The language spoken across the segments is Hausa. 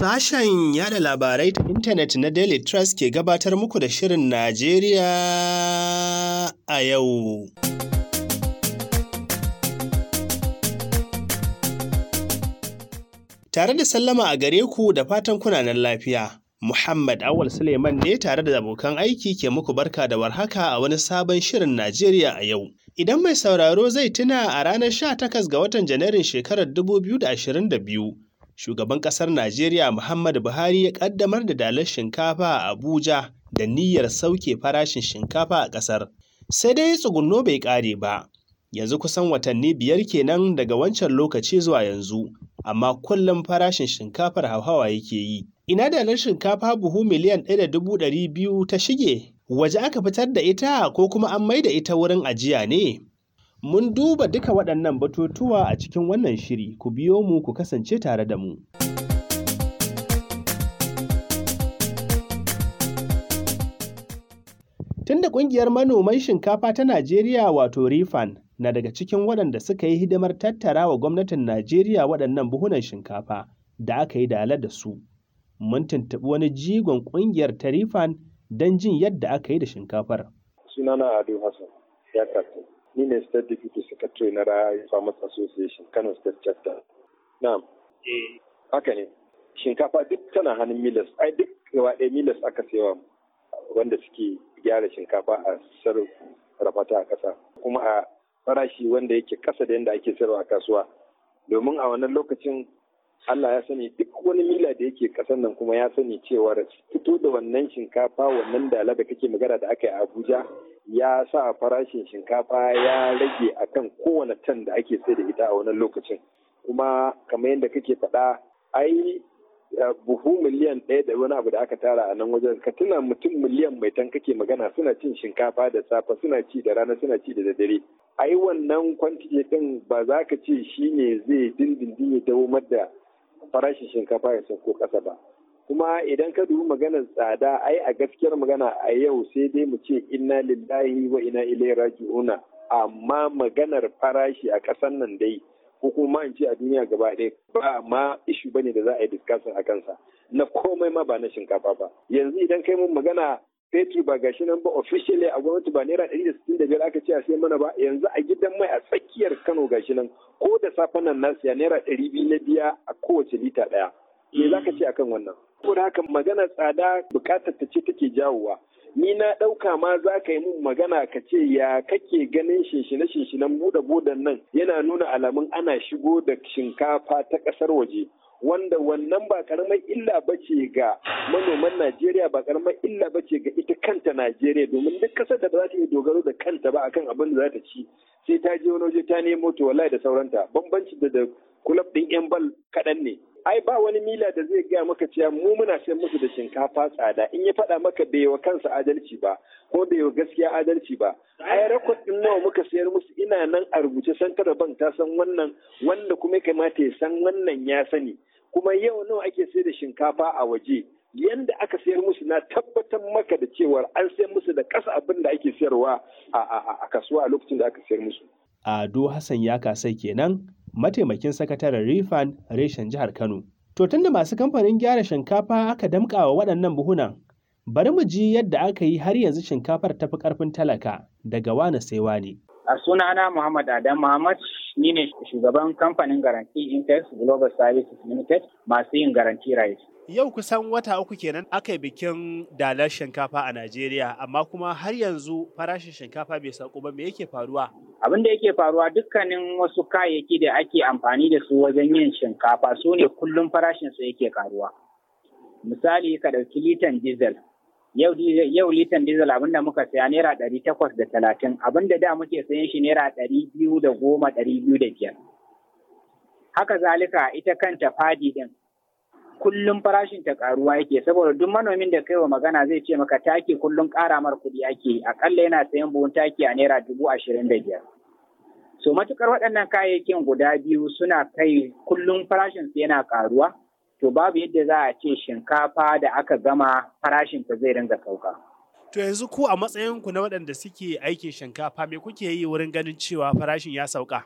Sashen yada labarai ta intanet na Daily Trust ke gabatar muku da Shirin Najeriya a yau. Tare da sallama a gare ku da fatan kunanan lafiya. Muhammad Awal Suleiman ne tare da abokan aiki ke muku barka da warhaka a wani sabon shirin Najeriya a yau. Idan mai sauraro zai tuna a ranar 18 ga watan Janairun shekarar 2022. shugaban ƙasar Najeriya Muhammadu Buhari ya ƙaddamar da dalar shinkafa a Abuja da niyyar sauke farashin shinkafa a ƙasar. Sai dai tsugunno bai ƙare ba, yanzu kusan watanni biyar kenan daga wancan lokaci zuwa yanzu, amma kullum farashin shinkafar hauhawa yake yi. Ina dalar shinkafa buhu miliyan ɗaya da dubu ɗari biyu ta shige, waje aka fitar da ita ko kuma an mai da ita wurin ajiya ne? Mun duba duka waɗannan batutuwa a cikin wannan shiri, ku biyo mu ku kasance tare da mu. Tunda ƙungiyar manoman shinkafa ta Najeriya wato Rifan na daga cikin waɗanda suka yi hidimar tattara wa gwamnatin Najeriya waɗannan buhunan shinkafa da aka yi dala da su. Mun tuntuɓi wani jigon ƙungiyar ta Rifan don jin yadda aka yi da shinkafar. Sunana Ado Hassan, ya ni ne state deputy secretary na Raya farmers association kano state chapter na'am eh. haka ne shinkafa duk tana hannun milas ai duk gaba ɗaya milas aka sayawa wanda suke gyara shinkafa a sarrafa ta a ƙasa kuma a farashi wanda yake ƙasa da yadda ake sayarwa a kasuwa domin a wannan lokacin Allah ya sani duk wani mila da yake kasan nan kuma ya sani cewa fito da wannan shinkafa wannan dala da kake magana da aka yi Abuja ya sa farashin shinkafa ya rage akan kowane tan da ake sai da ita a wannan lokacin kuma kamar yadda kake faɗa ai buhu miliyan ɗaya da wani abu da aka tara a nan wajen ka tuna mutum miliyan mai tan kake magana suna cin shinkafa da safe suna ci da rana suna ci da daddare ai wannan kwantiti ɗin ba za ka ce shine zai dindindin ya dawo da farashin shinkafa ya sauko ƙasa ba kuma idan ka dubi maganar tsada ai a gaskiyar magana a yau sai dai mu ce inna lillahi wa ina ilaihi raji'una amma maganar farashi a ƙasar nan dai ko kuma in ce a duniya gaba ɗaya ba ma ishu ne da za a yi discussion a kansa na komai ma ba na shinkafa ba yanzu idan kai mun magana fetur ba gashi nan ba officially a gwamnati ba naira ɗari da sittin da biyar aka ce a sai mana ba yanzu a gidan mai a tsakiyar kano gashi nan ko da safan nan na siya naira ɗari biyu na biya a kowace lita ɗaya me za ka ce akan wannan saboda haka magana tsada bukatar ta ce take jawowa ni na ɗauka ma za ka yi min magana ka ce ya kake ganin shinshine shinshinan buɗe buɗen nan yana nuna alamun ana shigo da shinkafa ta ƙasar waje wanda wannan ba karamar illa ba ce ga manoman Najeriya ba karamar illa ba ce ga ita kanta Najeriya domin duk kasar da ba za ta yi dogaro da kanta ba akan abin da za ta ci sai ta je wani waje ta nemo to wallahi da sauranta bambanci da da kulab din yan bal kaɗan ne ai ba wani mila da zai gaya maka cewa mu muna sayar musu da shinkafa tsada in ya faɗa maka bai wa kansa adalci ba ko bai wa gaskiya adalci ba ai rekod din nawa muka sayar musu ina nan a rubuce kada ban ta san wannan wanda kuma ya kamata ya san wannan ya sani kuma yau nawa ake sayar da shinkafa a waje yanda aka sayar musu na tabbatar maka da cewar an sayar musu da ƙasa abin da ake sayarwa a kasuwa a lokacin da aka sayar musu. Ado Hassan ya kasai kenan mataimakin sakataren Rifan reshen jihar Kano. To tunda masu kamfanin gyara shinkafa aka damƙa wa waɗannan buhunan bari mu ji yadda aka yi har yanzu shinkafar tafi ƙarfin talaka daga wani sai wani. A sunana Muhammad Adam Muhammad ni ne shugaban kamfanin garanti Intex Global Services Limited masu yin garanti rice. Yau kusan wata uku kenan aka yi bikin dalar shinkafa a Najeriya, amma kuma har yanzu farashin shinkafa bai sauko ba me yake faruwa? Abin da yake faruwa dukkanin wasu kayayyaki da ake amfani da su wajen yin shinkafa su ne kullum farashin su yake karuwa. Misali ka ɗauki litan diesel Yau litan diesel abinda muka saya naira ɗari takwas da talatin abin da da muke sayan shi naira ɗari biyu da goma ɗari biyu da biyar. Haka zalika ita kanta fadi din. kullum farashin ta karuwa yake saboda duk manomin da kai wa magana zai ce maka taki kullum ƙara mar kuɗi ake akalla yana sayan buhun taki a naira dubu ashirin da biyar. So matukar waɗannan kayayyakin guda biyu suna kai kullum farashin su yana ƙaruwa? to babu yadda za a ce shinkafa da aka gama farashinta zai ringa sauka. To yanzu ku a matsayinku na waɗanda suke aikin shinkafa me kuke yi wurin ganin cewa farashin ya sauka?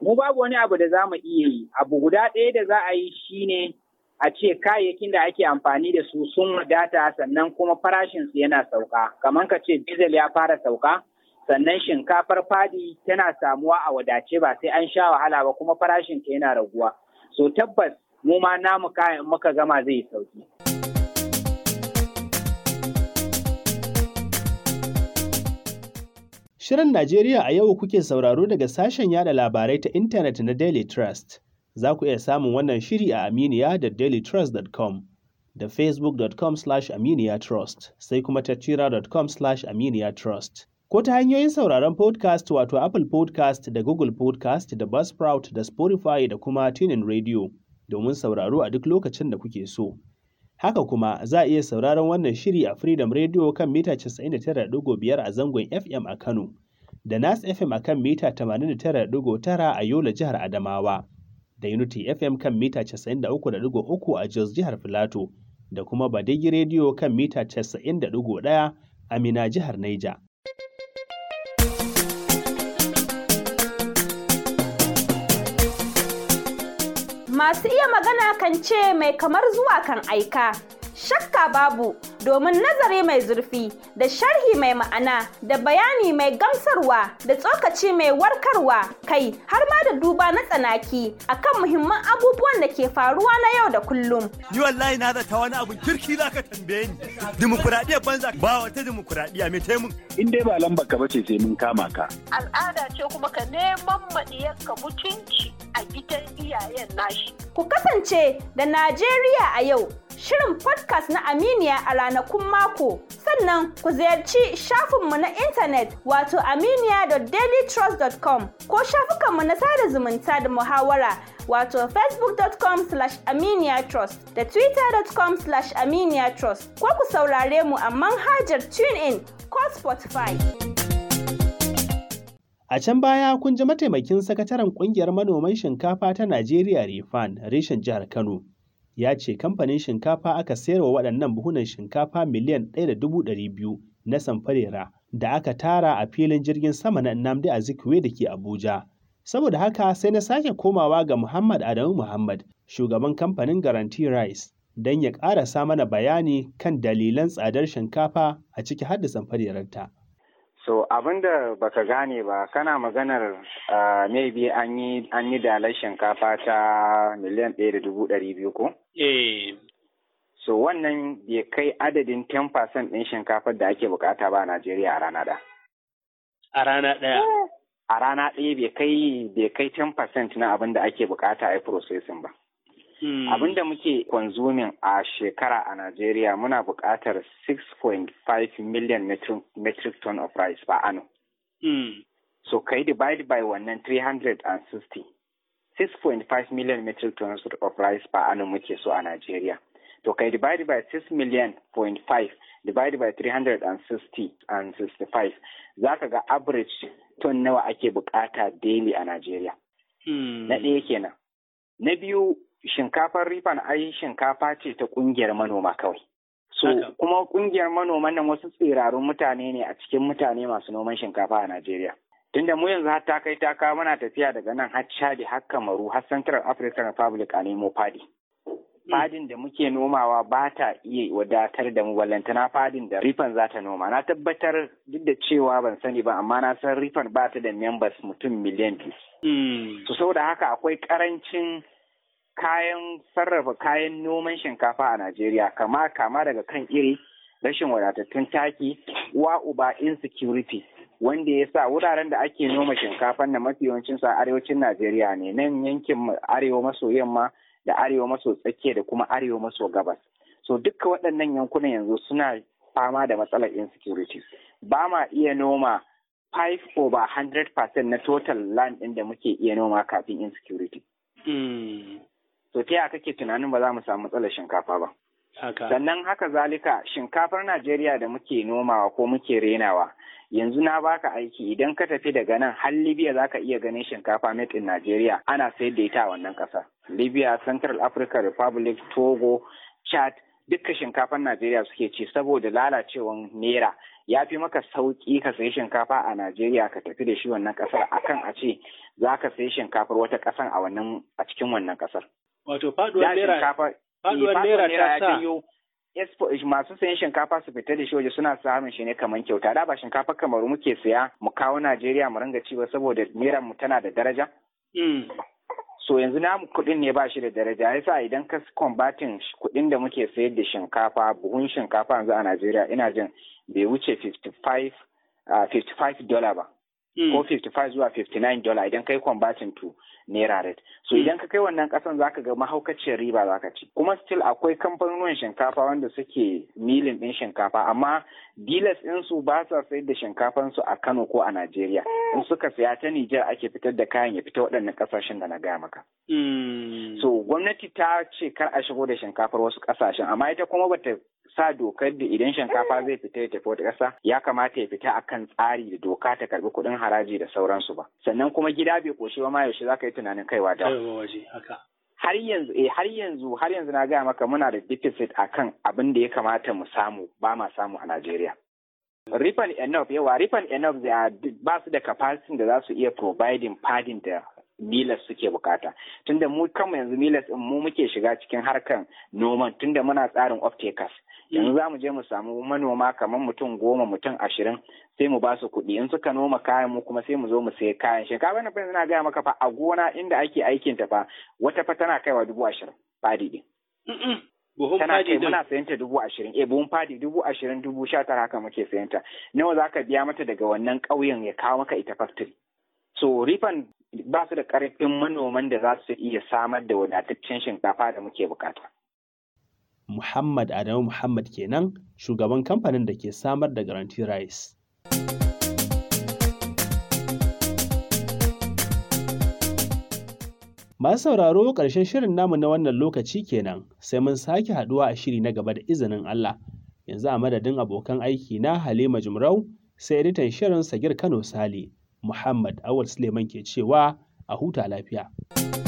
Mu babu wani abu da za mu iya yi. Abu guda ɗaya da za a yi shine a ce kayayyakin da ake amfani da su sun wadata sannan kuma farashin su yana sauka. Kamar ka ce diesel ya fara sauka, sannan shinkafar fadi tana samuwa a wadace ba sai an sha wahala ba kuma ta yana raguwa. So tabbas mu ma namu kayan muka gama zai sauki. Shirin Najeriya a yau kuke sauraro daga sashen yada labarai ta intanet na Daily Trust. Za ku iya samun wannan shiri a Aminiya da dailytrust.com da facebook.com slash aminiya trust sai kuma tattira.com slash aminiya trust. Ko ta hanyoyin sauraron podcast wato Apple podcast da Google podcast da Buzzsprout da Spotify da kuma TuneIn Radio. domin sauraro a duk lokacin da kuke so. Haka kuma za a iya sauraron wannan shiri a Freedom Radio kan mita 99.5 a zangon FM a Kano da Nas FM a kan mita 89.9 a Yola jihar Adamawa da Unity FM kan mita 93.3 a Jos jihar Filato da kuma Badegi Radio kan mita 91 a Mina jihar Niger. Masu iya magana kan ce mai kamar zuwa kan aika. Shakka babu domin nazari mai zurfi da sharhi mai ma'ana da bayani mai gamsarwa da tsokaci mai warkarwa kai har ma da duba na tsanaki akan muhimman abubuwan da ke faruwa na yau da kullum. Ni wallahi na zata wani abu. kirki za ka tambaye ni. Dimokuraɗiyar banza ba wata dimokuraɗiyya mai taimun. In dai ba lamba ka bace sai mun kama ka. Al'ada ce kuma ka neman maɗiyar ka mutunci a gidan iyayen nashi. Ku kasance da Najeriya a yau shirin podcast na Aminiya a ranakun mako. Sannan ku ziyarci shafinmu na intanet wato aminiya.dailytrust.com ko shafukanmu na sada zumunta da muhawara wato facebook.com slash aminiyatrust da twitter.com slash aminiyatrust ko ku saurare mu a manhajar in ko Spotify. A can baya kun ji mataimakin sakataren kungiyar manoman shinkafa ta Najeriya Rifan reshen jihar Kano ya ce kamfanin shinkafa aka sayar wa waɗannan buhunan shinkafa miliyan 1.200 na samfarera da aka tara a filin jirgin sama na Nnamdi Azikiwe da ke Abuja. Saboda haka sai na sake komawa ga Muhammad Adamu Muhammad, shugaban kamfanin Guarantee Rice, don ya ƙarasa mana bayani kan dalilan tsadar shinkafa a ciki har da samfarerarta. So abin da baka gane ba kana maganar uh, maybe an yi dalar shinkafa ta miliyan ɗaya da dubu ɗari biyu ko? Eh. So wannan bai kai adadin 10% ɗin shinkafar da ake bukata ba a Najeriya a rana ɗaya. A rana ɗaya? Eh. A rana ɗaya bai kai bai kai 10% na abin da ake bukata a yi processing ba. Hmm. Abin da muke consuming a shekara a Najeriya muna buƙatar 6.5 million metric ton of rice per annum. Hmm. So kai divide by wannan 360. 6.5 million metric tons of rice per annum muke so a Najeriya. To kai divide by 6 million point five divide by 360 and 65 za ka ga average ton nawa ake bukata daily a Najeriya. Hmm. Na ɗaya kenan. Na biyu shinkafar rifan ai shinkafa ce ta kungiyar manoma kawai. So kuma kungiyar manoman nan wasu tsirarun mutane ne a cikin mutane masu noman shinkafa a Najeriya. Tunda mu yanzu har ta kai ta kawo muna tafiya daga nan har Chad har Kamaru har Central African Republic a nemo fadi. Hmm. Fadin da muke nomawa ba ta iya wadatar da mu na fadin da rifan za ta noma. Na tabbatar duk da cewa ban sani ba amma na san rifan ba ta da members mutum miliyan biyu. Hmm. So saboda haka akwai karancin kayan sarrafa kayan noman shinkafa a Najeriya kama kama daga kan iri rashin wadatattun taki wa uba insecurity wanda ya sa wuraren da ake noma shinkafan na mafi yawancin sa arewacin Najeriya ne nan yankin arewa maso yamma da arewa maso tsakiya da kuma arewa maso gabas so duka waɗannan yankunan yanzu suna fama da matsalar insecurity ba ma iya noma 5 over 100% na total land ɗin da muke iya noma kafin insecurity. Mm. to ta yaya kake tunanin ba za mu samu matsalar shinkafa ba sannan haka zalika shinkafar Najeriya da muke nomawa ko muke renawa yanzu na baka aiki idan ka tafi daga nan har Libya zaka iya ganin shinkafa made in Najeriya ana sayar da ita a wannan ƙasa Libya Central Africa, Republic Togo Chad duka shinkafar Najeriya suke ci saboda lalacewar naira ya fi maka sauƙi ka sayi shinkafa a Najeriya ka tafi da shi wannan ƙasar akan a ce za ka sayi shinkafar wata ƙasar a cikin wannan ƙasar. Wato faduwar naira faduwar eh, naira ta sa masu sayan shinkafa su fita da shi waje suna samun shi ne kamar kyauta da ba shinkafa kamar muke siya mu kawo Najeriya mu ringa ba saboda naira mu tana da daraja. Hmm. So yanzu namu kuɗin ne ba shi da daraja yasa idan ka combating kuɗin da muke sayar da shinkafa buhun shinkafa yanzu a Najeriya ina jin bai wuce 55 ah, dollar ba. Hmm. ko 55 zuwa 59 dollar idan kai converting to naira rate so hmm. idan ka kai wannan kasan zaka ga mahaukaciyar riba zaka ci kuma still akwai kamfanonin shinkafa wanda suke milin din shinkafa amma dealers din su ba sa sayar da shinkafan su a Kano ko a Najeriya in suka saya ta Niger ake fitar da kayan ya fita waɗannan kasashen da na gaya maka hmm. so gwamnati ta ce kar a shigo da shinkafar wasu kasashen amma ita kuma bata sa dokar da idan shinkafa zai fita ya tafi wata ƙasa ya kamata ya fita akan tsari da doka ta karbi kuɗin haraji da sauransu ba sannan kuma gida bai koshi ba ma yaushe za ka yi tunanin kaiwa da har yanzu eh har yanzu har yanzu na gaya maka muna da deficit akan abin da ya kamata mu samu ba ma samu a Najeriya. rifan and enough yawa rifan and a ba su da capacity da za su iya providing padding da milas suke bukata tunda mu kanmu yanzu milas mu muke shiga cikin harkan noman tunda muna tsarin off takers yanzu za mu je mu samu manoma kamar mutum goma mutum ashirin sai mu ba su kuɗi in suka noma kayan mu kuma sai mu zo mu sayi kayan shinkafa na fahimta na gaya maka fa a gona inda ake aikin ta fa wata fa tana kaiwa dubu ashirin fadi ɗin. tana kai muna sayan ta dubu ashirin eh buhun fadi dubu ashirin dubu sha tara haka muke sayan ta nawa za ka biya mata daga wannan ƙauyen ya kawo maka ita factory. so rifan ba su da ƙarfin manoman da za su iya samar da wadataccen shinkafa da muke bukata. Muhammad Adamu Muhammad kenan shugaban kamfanin da ke samar da Garanti Rice. Masu sauraro ƙarshen shirin namu na wannan lokaci kenan sai mun sake haɗuwa a shiri na gaba da izinin Allah. Yanzu a madadin abokan aiki na Halima Jumrau sai editan shirin Sagir Kano Sale, Muhammad Awal Suleiman ke cewa a huta lafiya.